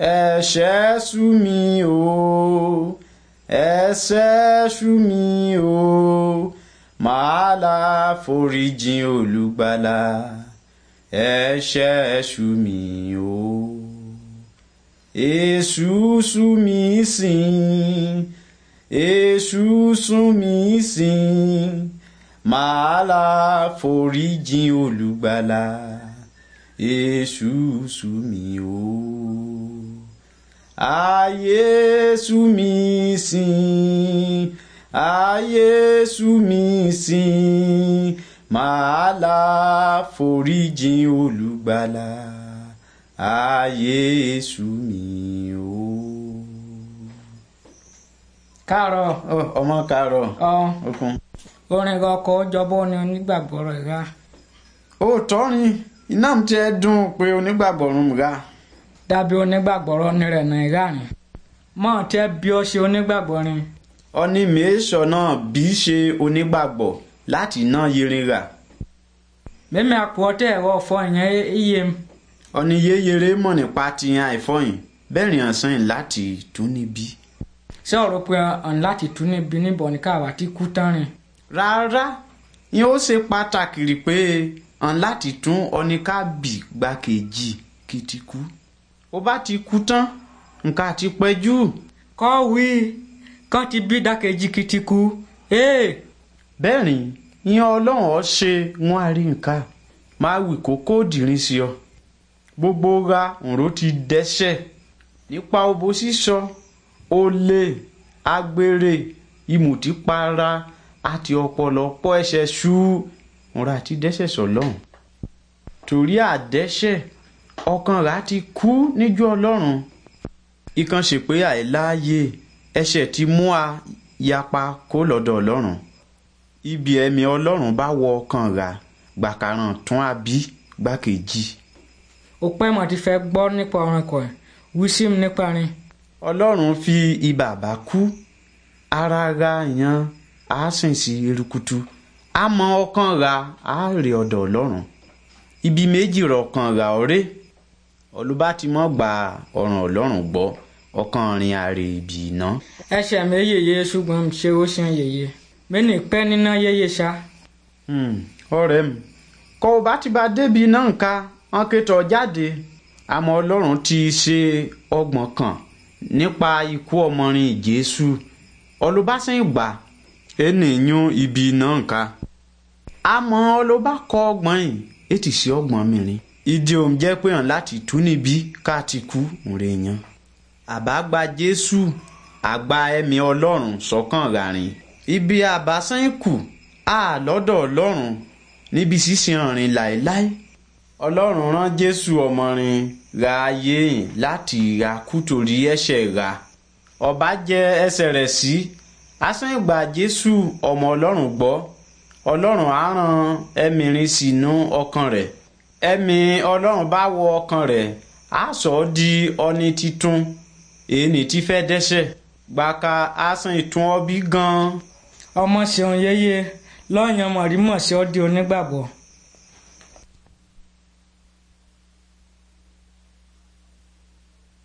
ẹ̀ṣẹ̀ sú mi o ẹ̀ṣẹ̀ sú mi o màá la foríjìn olùgbàlà ẹ̀ṣẹ̀ sú mi o èṣù sú mi sìn èṣù sún mi sìn màá la foríjìn olùgbàlà èṣù sú mi o a Jésù mi sìn a Jésù mi sìn màá la foríjìn olùgbàlà a Jésù mi o. káàárọ̀ ọmọ káàárọ̀ okun. orin ọkọ̀ jọba ni onígbàgbọ́ rẹ̀ rà. ó tọ́rin iná mi ti ẹ́ dùn pé onígbàgbọ́ rùn rà dábí onígbàgbọ́ rọ́ni rẹ̀ nàìjíríà rìn mọ́ tẹ́ bí ó ṣe onígbàgbọ́ rìn. ọní mèésọ̀ náà bí ṣe onígbàgbọ́ láti ná yerin rà. mímí àpò ọtẹ ẹ̀rọ ọ̀fọ́ ìyẹn iye. ọní yéyere mọ̀ nípa tiyan àìfọyín bẹ́ẹ̀ rìn àṣàn láti tún níbí. ṣé ọ̀rọ̀ pé ọ̀n láti tún níbí níbọ̀ ní káwa tí kú tán rìn. rárá ni ó ṣe pàtàkì rí pé ọ̀n láti tún ọ̀nìkàbí gbàkejì kìtìkú ó bá ti kú tán nǹkan àti pẹ́jú. kọ́ wí kán ti bí dákejì kìtìkù. bẹ́ẹ̀ ni ìyẹn ọlọ́run ọ ṣe wọ́n á rí nǹkan máa wì kókó dìrín sí ọ gbogbo ra òǹró ti dẹ́sẹ̀ nípa obo sísọ olè agbèrè ìmùtípara àti ọ̀pọ̀lọpọ̀ ẹ̀ṣẹ̀ ṣú òǹrà ti dẹ́sẹ̀ sọ̀lọ́hún torí àdẹ́sẹ̀ ọkàn rà ti kú níjú ọlọ́run ikán ṣe pé àìláàyè ẹ̀ṣẹ̀ ti mú a yapa kó lọ́dọ̀ ọlọ́run ibi ẹ̀mí ọlọ́run bá wọ ọkàn rà gbàkàràn tún àbí gbàkejì. òpin mọ̀ ti fẹ́ gbọ́ nípa ọ̀rànkọ̀ ẹ̀ wíṣíìmù nípa rin. ọlọ́run fi ibà bá kú ara ra yan á sìn sí erukutu á mọ ọkàn ra á rè ọ̀dọ̀ ọlọ́run ibi méjì rọ̀ ọkàn ra ọ̀rẹ́ olùbátìmọ̀ gba ọ̀ràn ọlọ́run gbọ́ ọkàn rìn àrè ibì iná. ẹsẹ̀ mi yèyé ṣùgbọ́n ṣé ó ṣan yèyé mi ní pẹ́ níná yèyé ṣá. Hmm, ọ̀rẹ́ mi kọ́ ọ bá ti bá débi náà ń ka wọn ké tọ́ jáde àmọ́ ọlọ́run ti ṣe ọgbọ̀n kan nípa ikú ọmọrin jésù olùbásìn gbà ènìyàn ibi náà ń ka àmọ́ ọlọ́ba kọ ọgbọ̀n yìí ètì sí ọgbọ̀n mìíràn idiom jẹ́ pé hàn láti tú níbí ká ti kú rè yan àbá gba Jésù àgbà ẹ̀mí Ọlọ́run sọ́kàn ràrìn ibi àbásán kù á lọ́dọ̀ Ọlọ́run níbi sísìn ọ̀rìn láéláé Ọlọ́run rán Jésù ọmọrin ra ayé yìn láti ra kú torí ẹ̀ṣẹ̀ ra ọba jẹ ẹsẹ̀ rẹ̀ sí asán ìgbà Jésù ọmọ Ọlọ́run gbọ́ Ọlọ́run á ran ẹ̀mí rìn sínú ọkàn rẹ̀ ẹ̀mí ọlọ́run bá wọ ọkàn rẹ̀ á sọ ọ́ di ọni titun èyí ti fẹ́ dẹ́ṣẹ̀ gbàkà á sàn ìtún ọ bí gan-an. ọmọ ṣeun yeye lọ́yàn mọ̀rímọ̀ ṣe ọ́ di onígbàgbọ́.